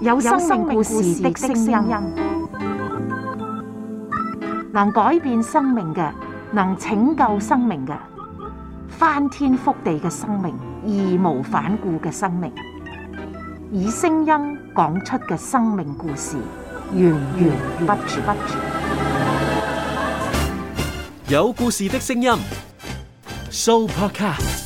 有生命故事的聲音，能改變生命嘅，能拯救生命嘅，翻天覆地嘅生命，義無反顧嘅生命，以聲音講出嘅生命故事，源源不絕。有故事的聲音，Sooopodcast。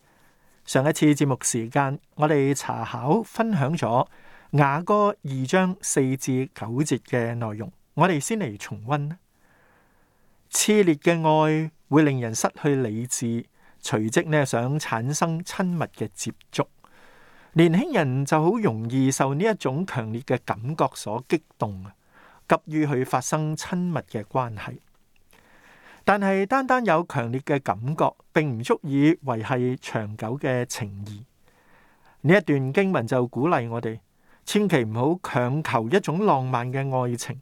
上一次節目時間，我哋查考分享咗雅歌二章四至九節嘅內容，我哋先嚟重溫。熾烈嘅愛會令人失去理智，隨即呢，想產生親密嘅接觸。年輕人就好容易受呢一種強烈嘅感覺所激動，急於去發生親密嘅關係。但係，單單有強烈嘅感覺，並唔足以維繫長久嘅情誼。呢一段經文就鼓勵我哋，千祈唔好強求一種浪漫嘅愛情，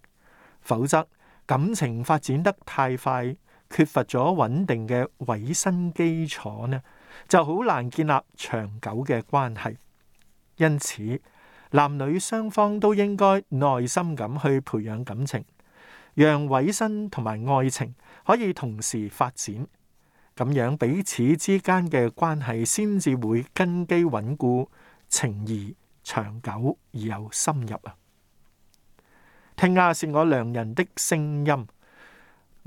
否則感情發展得太快，缺乏咗穩定嘅委身基礎呢，就好難建立長久嘅關係。因此，男女雙方都應該耐心咁去培養感情，讓委身同埋愛情可以同時發展，咁樣彼此之間嘅關係先至會根基穩固、情誼長久而又深入啊！聽下是我良人的聲音，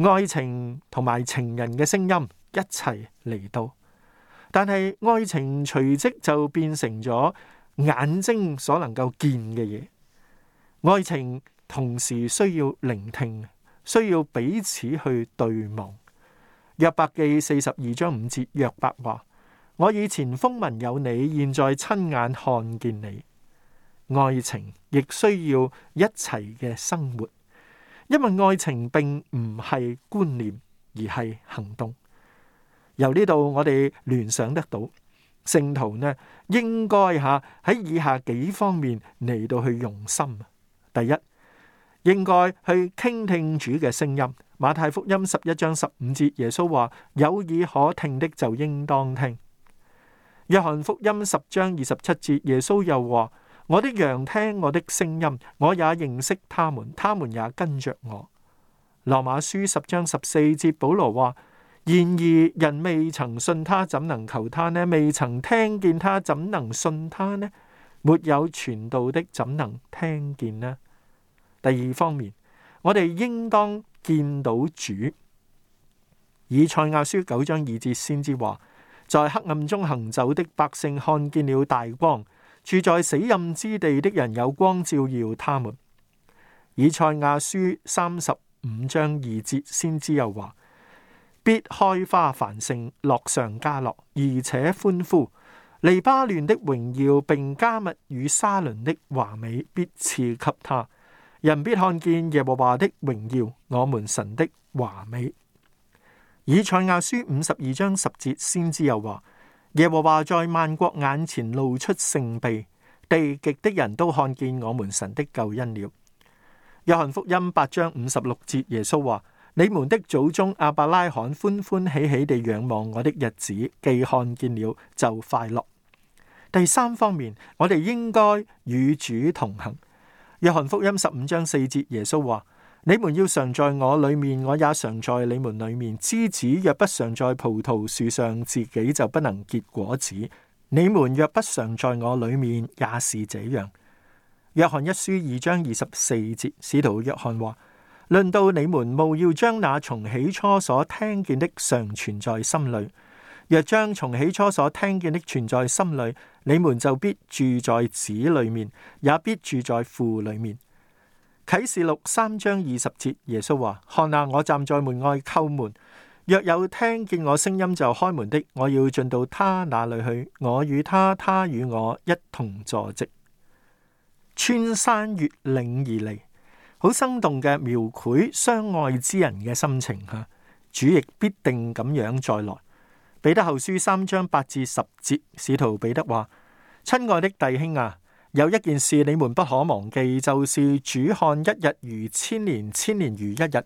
愛情同埋情人嘅聲音一齊嚟到，但係愛情隨即就變成咗眼睛所能夠見嘅嘢，愛情同時需要聆聽。需要彼此去對望。約伯記四十二章五節，約伯話：我以前風聞有你，現在親眼看見你。愛情亦需要一齊嘅生活，因為愛情並唔係觀念，而係行動。由呢度我哋聯想得到，聖徒呢應該吓喺以下幾方面嚟到去用心。第一。應該去傾聽主嘅聲音。馬太福音十一章十五節，耶穌話：有耳可聽的就應當聽。約翰福音十章二十七節，耶穌又話：我的羊聽我的聲音，我也認識他們，他們也跟着我。羅馬書十章十四節，保羅話：然而人未曾信他，怎能求他呢？未曾聽見他，怎能信他呢？沒有傳道的，怎能聽見呢？第二方面，我哋應當見到主。以賽亞書九章二節先知話：在黑暗中行走的百姓看見了大光；住在死蔭之地的人有光照耀他們。以賽亞書三十五章二節先知又話：必開花繁盛，樂上加樂，而且歡呼。利巴嫩的榮耀，並加密與沙倫的華美，必賜給他。人必看見耶和華的榮耀，我們神的華美。以賽亞書五十二章十節先知又話：耶和華在萬國眼前露出聖秘，地極的人都看見我們神的救恩了。約翰福音八章五十六節耶穌話：你們的祖宗阿伯拉罕歡歡喜喜地仰望我的日子，既看見了就快樂。第三方面，我哋應該與主同行。約翰福音十五章四節，耶穌話：你們要常在我裏面，我也常在你們裏面。枝子若不常在葡萄樹上，自己就不能結果子；你們若不常在我裏面，也是這樣。約翰一書二章二十四節，使徒約翰話：論到你們，務要將那從起初所聽見的，常存在心裏。若將從起初所聽見的存在心裏，你們就必住在子裏面，也必住在父裏面。啟示錄三章二十節，耶穌話：看啊，我站在門外叩門，若有聽見我聲音就開門的，我要進到他那裏去。我與他，他與我一同坐席，穿山越嶺而嚟，好生動嘅描繪相愛之人嘅心情。吓，主亦必定咁樣再來。彼得後書三章八至十節，使徒彼得話：親愛的弟兄啊，有一件事你們不可忘記，就是主看一日如千年，千年如一日。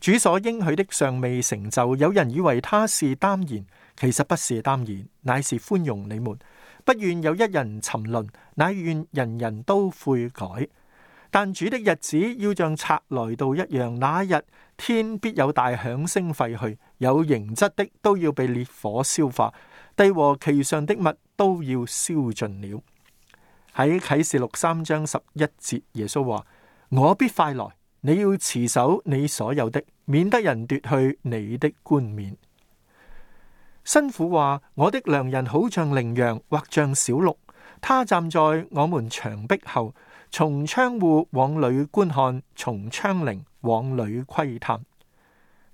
主所應許的尚未成就，有人以為他是耽延，其實不是耽延，乃是寬容你們，不願有一人沉淪，乃願人人都悔改。但主的日子要像賊來到一樣，那一日天必有大響聲廢去，有形質的都要被烈火燒化，地和其上的物都要燒盡了。喺啟示錄三章十一節，耶穌話：我必快來，你要持守你所有的，免得人奪去你的冠冕。新婦話：我的良人好像羚羊或像小鹿，他站在我們牆壁後。從窗戶往裏觀看，從窗棂往裏窺探。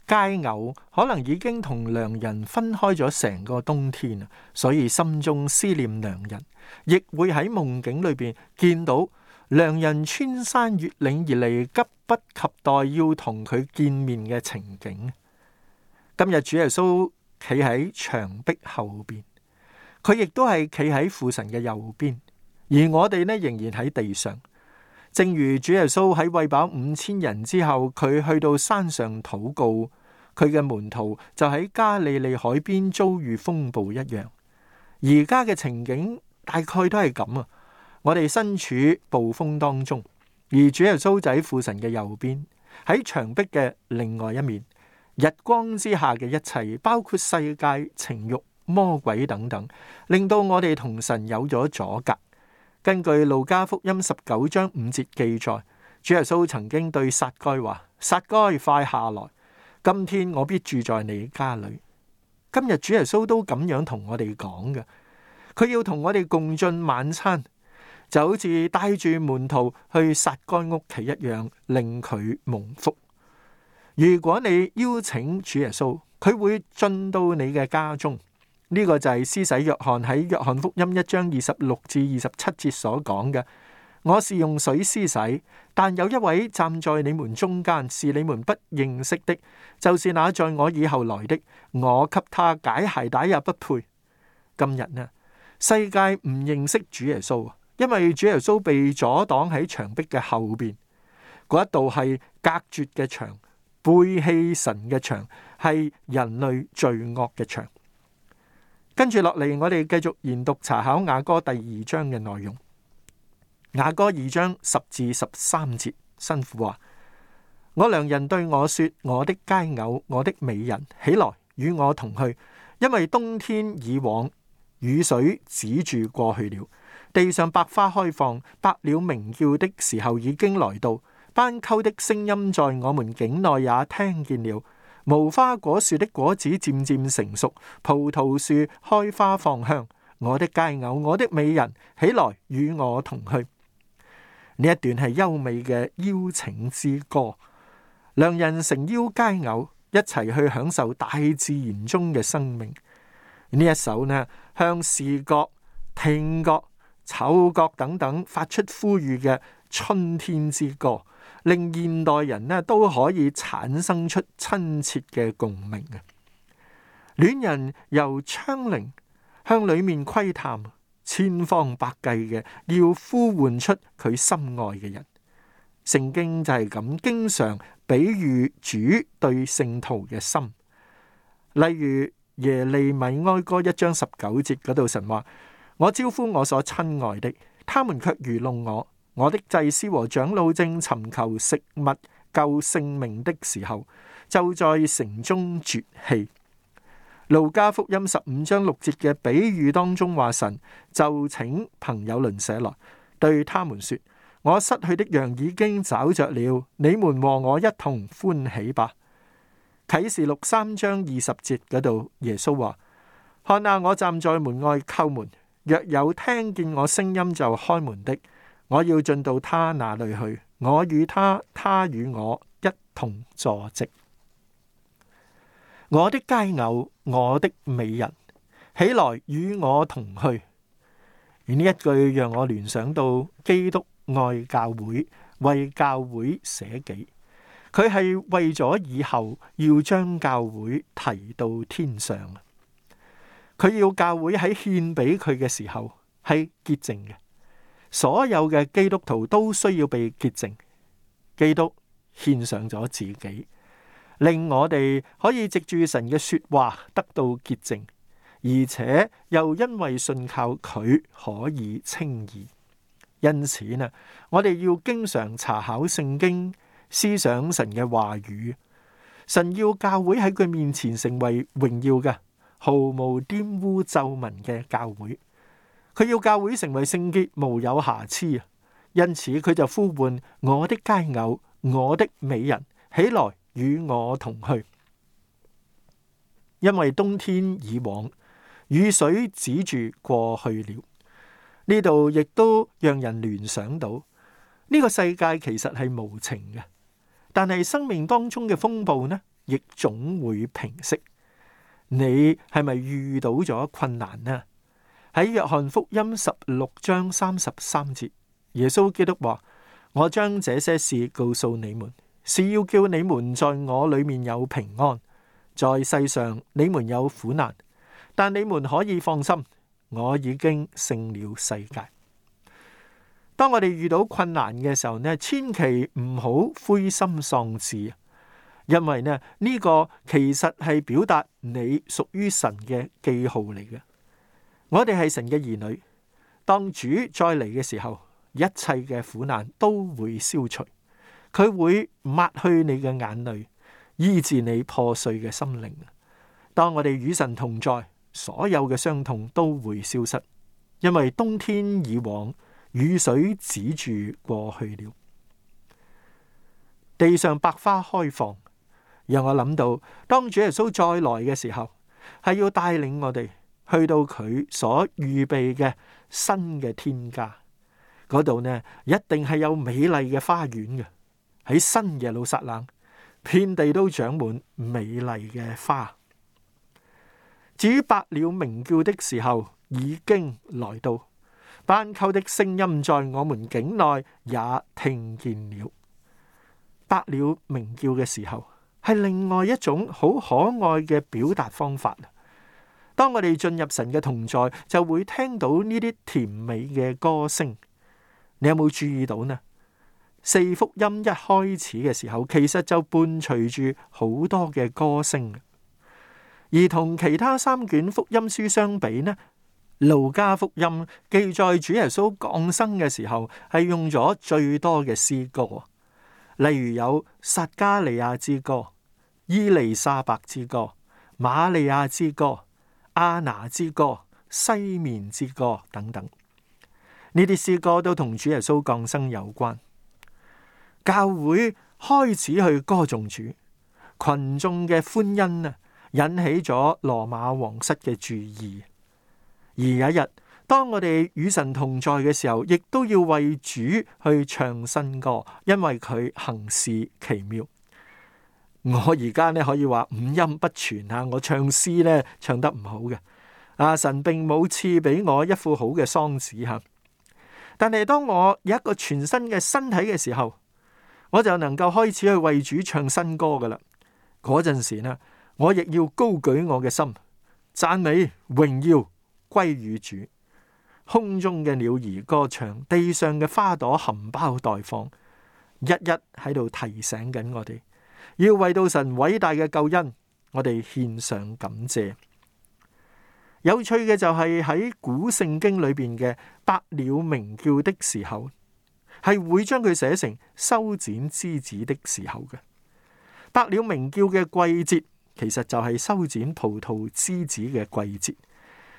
佳偶可能已經同良人分開咗成個冬天啦，所以心中思念良人，亦會喺夢境裏邊見到良人穿山越嶺而嚟，急不及待要同佢見面嘅情景。今日主耶穌企喺牆壁後邊，佢亦都係企喺父神嘅右邊，而我哋呢，仍然喺地上。正如主耶穌喺餵飽五千人之後，佢去到山上禱告，佢嘅門徒就喺加利利海邊遭遇風暴一樣。而家嘅情景大概都係咁啊。我哋身處暴風當中，而主耶穌就喺父神嘅右邊，喺牆壁嘅另外一面，日光之下嘅一切，包括世界、情欲、魔鬼等等，令到我哋同神有咗阻隔。根據路加福音十九章五節記載，主耶穌曾經對撒該話：撒該，快下來！今天我必住在你家裏。今日主耶穌都咁樣同我哋講嘅，佢要同我哋共進晚餐，就好似帶住門徒去撒該屋企一樣，令佢蒙福。如果你邀請主耶穌，佢會進到你嘅家中。呢個就係、是、施洗約翰喺約翰福音一章二十六至二十七節所講嘅。我是用水施洗，但有一位站在你們中間，是你們不認識的，就是那在我以後來的。我給他解鞋帶也不配。今日呢，世界唔認識主耶穌，因為主耶穌被阻擋喺牆壁嘅後邊，嗰度係隔絕嘅牆，背棄神嘅牆，係人類罪惡嘅牆。跟住落嚟，我哋繼續研讀查考雅歌第二章嘅內容。雅歌二章十至十三節，辛苦啊！我良人對我說：我的佳偶，我的美人，起來與我同去，因為冬天已往，雨水止住過去了，地上百花開放，百鳥鳴叫的時候已經來到，斑鳩的聲音在我們境內也聽見了。無花果樹的果子漸漸成熟，葡萄樹開花放香。我的佳偶，我的美人，起來與我同去。呢一段係優美嘅邀請之歌，兩人成邀佳偶，一齊去享受大自然中嘅生命。呢一首呢，向視覺、聽覺、嗅覺等等發出呼籲嘅春天之歌。令現代人咧都可以產生出親切嘅共鳴啊！戀人由窗棂向裏面窺探，千方百計嘅要呼喚出佢心愛嘅人。聖經就係咁，經常比喻主對聖徒嘅心。例如耶利米哀歌一章十九節嗰度神話，我招呼我所親愛的，他們卻愚弄我。我的祭司和長老正尋求食物救性命的時候，就在城中絕氣。路加福音十五章六節嘅比喻當中話神：神就請朋友鄰舍來，對他們說：我失去的羊已經找着了，你們和我一同歡喜吧。啟示錄三章二十節嗰度，耶穌話：看啊，我站在門外叩門，若有聽見我聲音就開門的。我要進到他那裏去，我與他，他與我一同坐席。我的佳偶，我的美人，起來與我同去。而呢一句讓我聯想到基督愛教會，為教會捨己，佢係為咗以後要將教會提到天上。佢要教會喺獻俾佢嘅時候係潔淨嘅。所有嘅基督徒都需要被潔淨，基督獻上咗自己，令我哋可以藉住神嘅說話得到潔淨，而且又因為信靠佢可以稱義。因此呢，我哋要經常查考聖經，思想神嘅話語。神要教會喺佢面前成為榮耀嘅，毫無玷污皺紋嘅教會。佢要教會成為聖潔，無有瑕疵啊！因此佢就呼喚我的佳偶，我的美人，起來與我同去。因為冬天已往，雨水止住過去了。呢度亦都讓人聯想到呢個世界其實係無情嘅，但係生命當中嘅風暴呢，亦總會平息。你係咪遇到咗困難呢？喺約翰福音十六章三十三節，耶穌基督話：我將這些事告訴你們，是要叫你們在我裏面有平安。在世上你們有苦難，但你們可以放心，我已經勝了世界。當我哋遇到困難嘅時候咧，千祈唔好灰心喪志，因為呢呢個其實係表達你屬於神嘅記號嚟嘅。我哋係神嘅兒女，當主再嚟嘅時候，一切嘅苦難都會消除，佢會抹去你嘅眼淚，醫治你破碎嘅心靈。當我哋與神同在，所有嘅傷痛都會消失，因為冬天已往，雨水止住過去了，地上百花開放，讓我諗到當主耶穌再來嘅時候，係要帶領我哋。去到佢所預備嘅新嘅天家嗰度呢，一定係有美麗嘅花園嘅。喺新嘅耶路撒冷，遍地都長滿美麗嘅花。至於百鳥鳴叫的時候已經來到，斑鳩的聲音在我們境內也聽見了。百鳥鳴叫嘅時候係另外一種好可愛嘅表達方法。當我哋進入神嘅同在，就會聽到呢啲甜美嘅歌聲。你有冇注意到呢？四福音一開始嘅時候，其實就伴隨住好多嘅歌聲。而同其他三卷福音書相比呢，路加福音記載主耶穌降生嘅時候，係用咗最多嘅詩歌，例如有撒加利亞之歌、伊麗莎白之歌、瑪利亞之歌。阿拿之歌、西面之歌等等，呢啲詩歌都同主耶穌降生有關。教會開始去歌頌主，群眾嘅歡欣啊，引起咗羅馬皇室嘅注意。而有一日，當我哋與神同在嘅時候，亦都要為主去唱新歌，因為佢行事奇妙。我而家咧可以話五音不全啊，我唱詩咧唱得唔好嘅啊。神並冇賜俾我一副好嘅嗓子啊。但係當我有一個全新嘅身體嘅時候，我就能夠開始去為主唱新歌噶啦。嗰陣時呢，我亦要高舉我嘅心，讚美榮耀歸與主。空中嘅鳥兒歌唱，地上嘅花朵含苞待放，一一喺度提醒緊我哋。要為到神偉大嘅救恩，我哋獻上感謝。有趣嘅就係、是、喺古聖經裏邊嘅百鳥鳴叫的時候，係會將佢寫成修剪枝子的時候嘅。百鳥鳴叫嘅季節，其實就係修剪葡萄枝子嘅季節。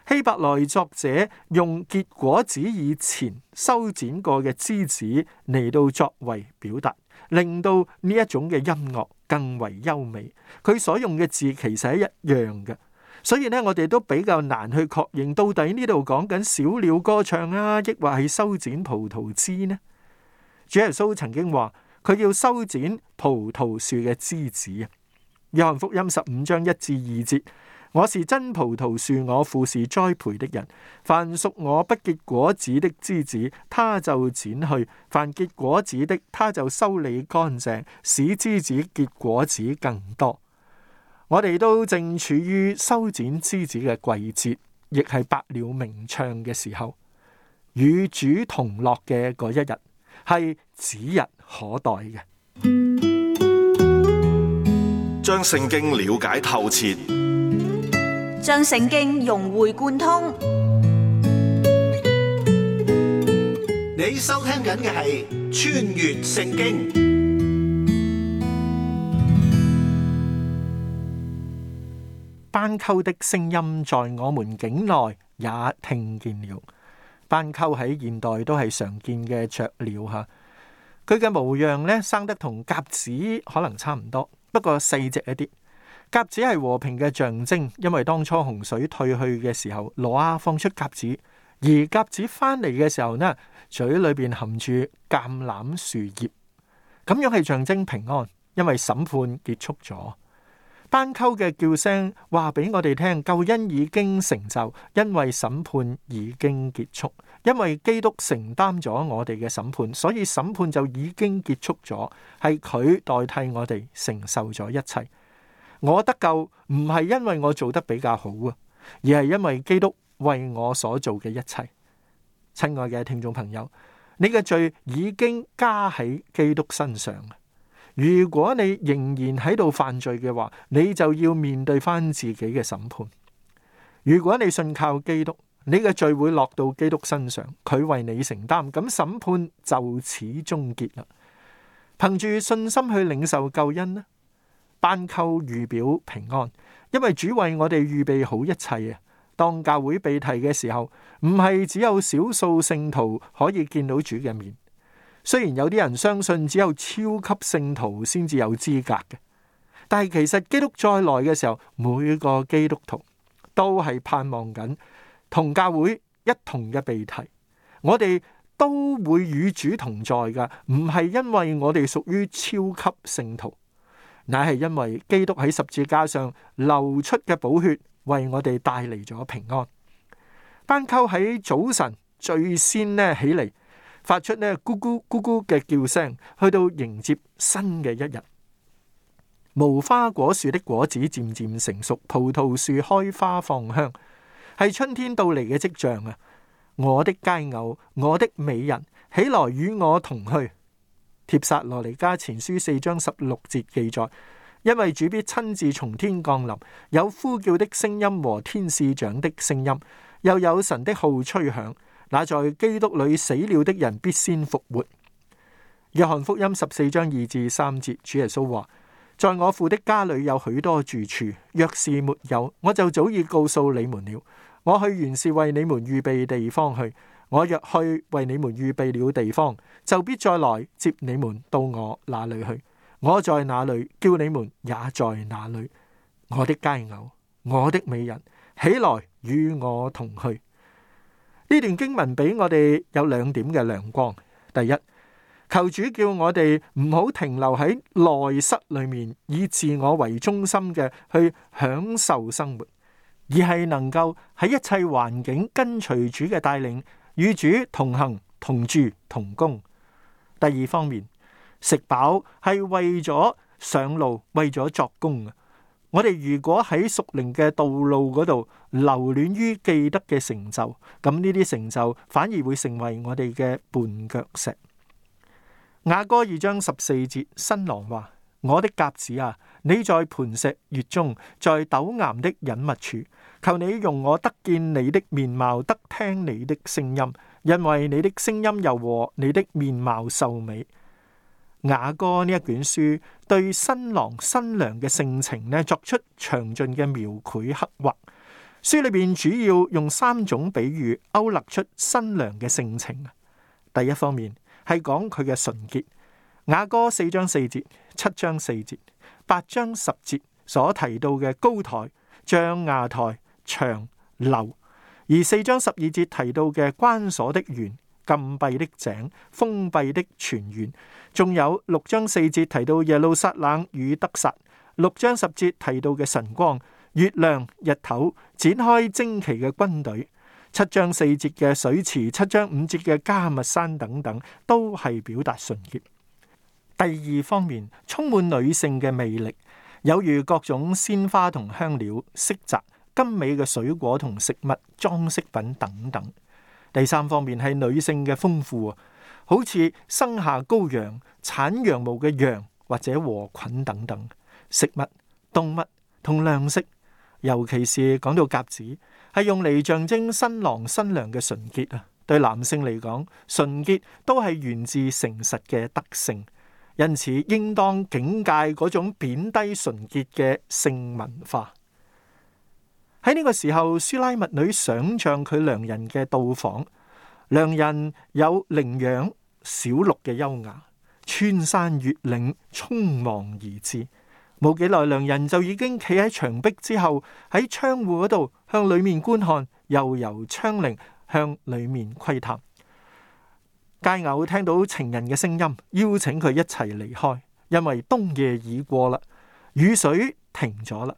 希伯來作者用結果指以前修剪過嘅枝子嚟到作為表達。令到呢一種嘅音樂更為優美，佢所用嘅字其實係一樣嘅，所以咧我哋都比較難去確認到底呢度講緊小鳥歌唱啊，抑或係修剪葡萄枝呢？主耶穌曾經話佢要修剪葡萄樹嘅枝子啊，《約翰福音》十五章一至二節。我是真葡萄樹，我父是栽培的人。凡屬我不結果子的枝子，他就剪去；凡結果子的，他就修理乾淨，使枝子結果子更多。我哋都正處於修剪枝子嘅季節，亦係百鳥鳴唱嘅時候，與主同樂嘅嗰一日，係指日可待嘅。將聖經了解透徹。將聖經融會貫通。你收聽緊嘅係《穿越聖經》。斑鳩的聲音在我們境內也聽見了。斑鳩喺現代都係常見嘅雀鳥吓，佢嘅模樣咧生得同鴿子可能差唔多，不過細隻一啲。鴿子係和平嘅象徵，因為當初洪水退去嘅時候，挪亞放出鴿子，而鴿子翻嚟嘅時候呢，嘴裏邊含住橄欖樹葉，咁樣係象徵平安，因為審判結束咗。斑鳩嘅叫聲話俾我哋聽，救恩已經成就，因為審判已經結束，因為基督承擔咗我哋嘅審判，所以審判就已經結束咗，係佢代替我哋承受咗一切。我得救唔係因為我做得比較好啊，而係因為基督為我所做嘅一切。親愛嘅聽眾朋友，你嘅罪已經加喺基督身上。如果你仍然喺度犯罪嘅話，你就要面對翻自己嘅審判。如果你信靠基督，你嘅罪會落到基督身上，佢為你承擔，咁審判就此終結啦。憑住信心去領受救恩呢？斑鳩預表平安，因為主為我哋預備好一切啊！當教會被提嘅時候，唔係只有少數聖徒可以見到主嘅面。雖然有啲人相信只有超級聖徒先至有資格嘅，但係其實基督再來嘅時候，每個基督徒都係盼望緊同教會一同嘅被提。我哋都會與主同在噶，唔係因為我哋屬於超級聖徒。乃係因為基督喺十字架上流出嘅寶血，為我哋帶嚟咗平安。斑鳩喺早晨最先咧起嚟，發出咧咕咕咕咕嘅叫聲，去到迎接新嘅一日。無花果樹的果子漸漸成熟，葡萄樹開花放香，係春天到嚟嘅跡象啊！我的佳偶，我的美人，起來與我同去。帖撒羅尼迦前書四章十六節記載：因為主必親自從天降臨，有呼叫的聲音和天使長的聲音，又有神的號吹響。那在基督裏死了的人必先復活。約翰福音十四章二至三節，主耶穌話：在我父的家裏有許多住處，若是沒有，我就早已告訴你們了。我去原是為你們預備地方去。我若去為你們預備了地方，就必再來接你們到我那裏去。我在那裏，叫你們也在那裏。我的佳偶，我的美人，起來與我同去。呢段經文俾我哋有兩點嘅亮光：第一，求主叫我哋唔好停留喺內室裏面，以自我為中心嘅去享受生活，而係能夠喺一切環境跟隨主嘅帶領。與主同行、同住、同工。第二方面，食飽係為咗上路，為咗作工。我哋如果喺屬靈嘅道路嗰度留戀於記得嘅成就，咁呢啲成就反而會成為我哋嘅絆腳石。雅歌二章十四節，新郎話。我的鴿子啊，你在磐石穴中，在陡巖的隱密處，求你容我得見你的面貌，得聽你的聲音，因為你的聲音柔和，你的面貌秀美。雅歌呢一卷書對新郎新娘嘅性情呢，作出詳盡嘅描繪刻畫。書裏邊主要用三種比喻勾勒勒出新娘嘅性情。第一方面係講佢嘅純潔。雅歌四章四節、七章四節、八章十節所提到嘅高台、象牙台、牆樓，而四章十二節提到嘅關鎖的園、禁閉的井、封閉的泉源，仲有六章四節提到耶路撒冷與得撒，六章十節提到嘅晨光、月亮、日頭、展開旌旗嘅軍隊，七章四節嘅水池，七章五節嘅迦密山等等，都係表達純潔。第二方面充滿女性嘅魅力，有如各種鮮花同香料、色澤、甘美嘅水果同食物裝飾品等等。第三方面係女性嘅豐富，好似生下羔羊、產羊毛嘅羊或者禾菌等等食物、動物同亮色，尤其是講到鴿子，係用嚟象徵新郎新娘嘅純潔啊。對男性嚟講，純潔都係源自誠實嘅德性。因此，應當警戒嗰種貶低純潔嘅性文化。喺呢個時候，書拉密女想象佢良人嘅到訪。良人有羚羊小鹿嘅優雅，穿山越嶺，匆忙而至。冇幾耐，良人就已經企喺牆壁之後，喺窗戶嗰度向裏面觀看，又由窗櫺向裏面窺探。雞偶，聽到情人嘅聲音，邀請佢一齊離開，因為冬夜已過啦，雨水停咗啦，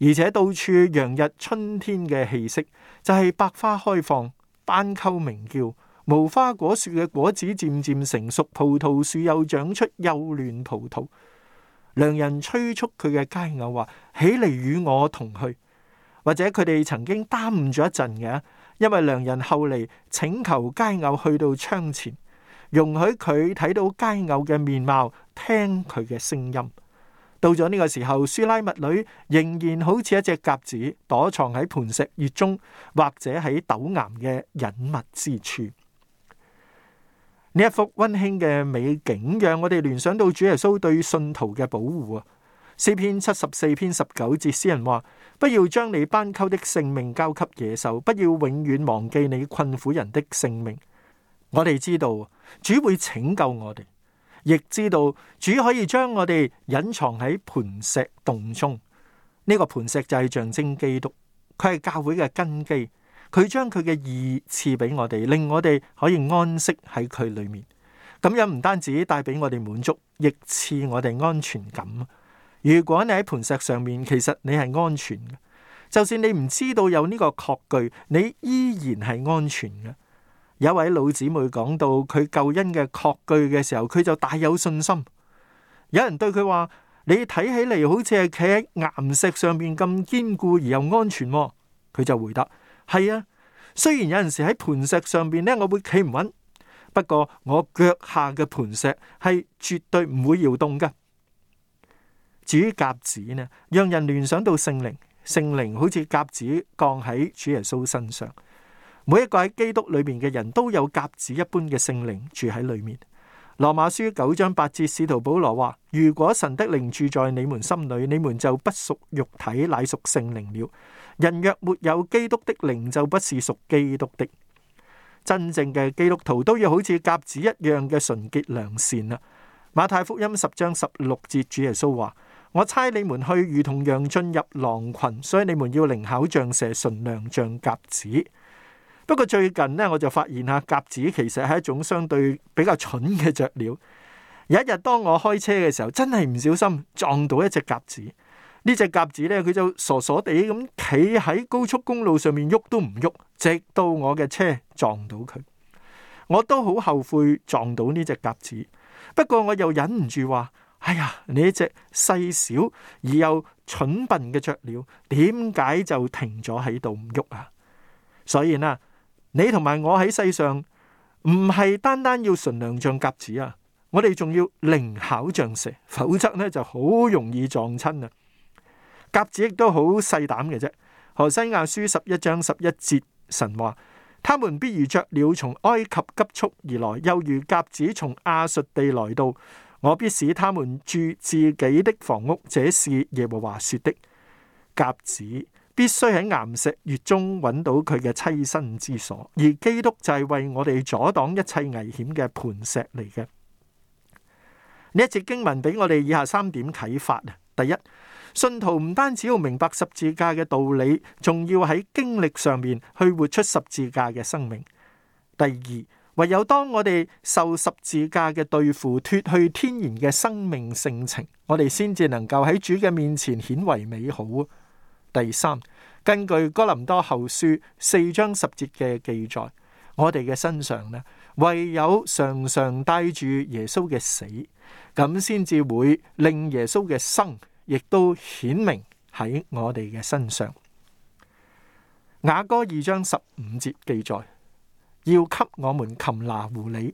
而且到處洋溢春天嘅氣息，就係百花開放、斑鳩鳴叫、無花果樹嘅果子漸漸成熟、葡萄樹又長出幼嫩葡萄。良人催促佢嘅佳偶話：起嚟與我同去。或者佢哋曾經耽誤咗一陣嘅，因為良人後嚟請求佳偶去到窗前。容許佢睇到佳偶嘅面貌，聽佢嘅聲音。到咗呢個時候，書拉密女仍然好似一隻鴿子，躲藏喺盤石穴中，或者喺陡岩嘅隱密之處。呢一幅温馨嘅美景，讓我哋聯想到主耶穌對信徒嘅保護啊。詩篇七十四篇十九節，詩人話：不要將你斑鳩的性命交給野獸，不要永遠忘記你困苦人的性命。我哋知道。主會拯救我哋，亦知道主可以將我哋隱藏喺磐石洞中。呢個磐石就係象徵基督，佢係教會嘅根基。佢將佢嘅義賜俾我哋，令我哋可以安息喺佢裏面。咁又唔單止帶俾我哋滿足，亦賜我哋安全感。如果你喺磐石上面，其實你係安全嘅，就算你唔知道有呢個確據，你依然係安全嘅。有一位老姊妹講到佢救恩嘅確據嘅時候，佢就大有信心。有人對佢話：你睇起嚟好似係企喺岩石上面咁堅固而又安全。佢就回答：係啊，雖然有陣時喺磐石上邊咧，我會企唔穩，不過我腳下嘅磐石係絕對唔會搖動噶。至於鴿子呢，讓人聯想到聖靈，聖靈好似鴿子降喺主耶穌身上。每一個喺基督裏面嘅人都有鴿子一般嘅聖靈住喺裏面。羅馬書九章八節，使徒保羅話：如果神的靈住在你們心裏，你們就不屬肉體，乃屬聖靈了。人若沒有基督的靈，就不是屬基督的。真正嘅基督徒都要好似鴿子一樣嘅純潔良善啦。馬太福音十章十六節，主耶穌話：我差你們去如同羊進入狼群，所以你們要靈巧像蛇，純良像鴿子。不過最近咧，我就發現啊，鴿子其實係一種相對比較蠢嘅雀鳥。有一日當我開車嘅時候，真係唔小心撞到一隻鴿子。隻鴿子呢隻鴿子咧，佢就傻傻地咁企喺高速公路上面，喐都唔喐，直到我嘅車撞到佢。我都好後悔撞到呢隻鴿子。不過我又忍唔住話，哎呀，你隻細小，小而又蠢笨嘅雀鳥，點解就停咗喺度唔喐啊？所以呢。你同埋我喺世上唔係單單要純良像鴿子啊，我哋仲要靈巧像蛇，否則呢就好容易撞親啊！鴿子亦都好細膽嘅啫。何西亞書十一章十一節神話，他們必如雀鳥從埃及急速而來，又如鴿子從亞述地來到，我必使他們住自己的房屋。這是耶和華說的。鴿子。必須喺岩石穴中揾到佢嘅棲身之所，而基督就係為我哋阻擋一切危險嘅磐石嚟嘅。呢一節經文俾我哋以下三點啟發：第一，信徒唔單止要明白十字架嘅道理，仲要喺經歷上面去活出十字架嘅生命。第二，唯有當我哋受十字架嘅對付，脫去天然嘅生命性情，我哋先至能夠喺主嘅面前顯為美好。第三，根據哥林多後書四章十節嘅記載，我哋嘅身上呢，唯有常常帶住耶穌嘅死，咁先至會令耶穌嘅生亦都顯明喺我哋嘅身上。雅歌二章十五節記載，要給我們擒拿狐狸，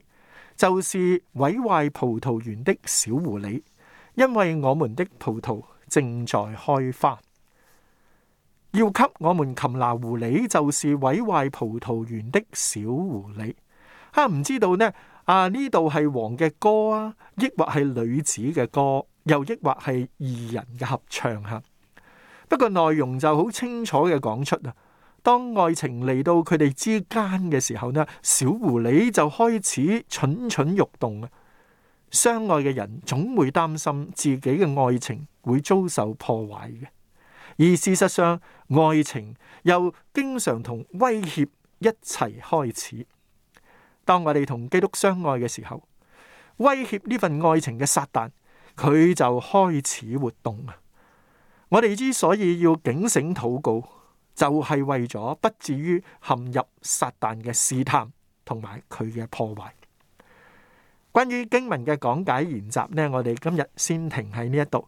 就是毀壞葡萄園的小狐狸，因為我們的葡萄正在開花。要給我們擒拿狐狸，就是毀壞葡萄園的小狐狸。啊，唔知道呢？啊，呢度係王嘅歌啊，抑或係女子嘅歌，又抑或係二人嘅合唱？吓，不過內容就好清楚嘅講出啊。當愛情嚟到佢哋之間嘅時候呢，小狐狸就開始蠢蠢欲動啊。相愛嘅人總會擔心自己嘅愛情會遭受破壞嘅。而事實上，愛情又經常同威脅一齊開始。當我哋同基督相愛嘅時候，威脅呢份愛情嘅撒旦，佢就開始活動。我哋之所以要警醒禱告，就係為咗不至於陷入撒旦嘅試探同埋佢嘅破壞。關於經文嘅講解研習呢，我哋今日先停喺呢一度。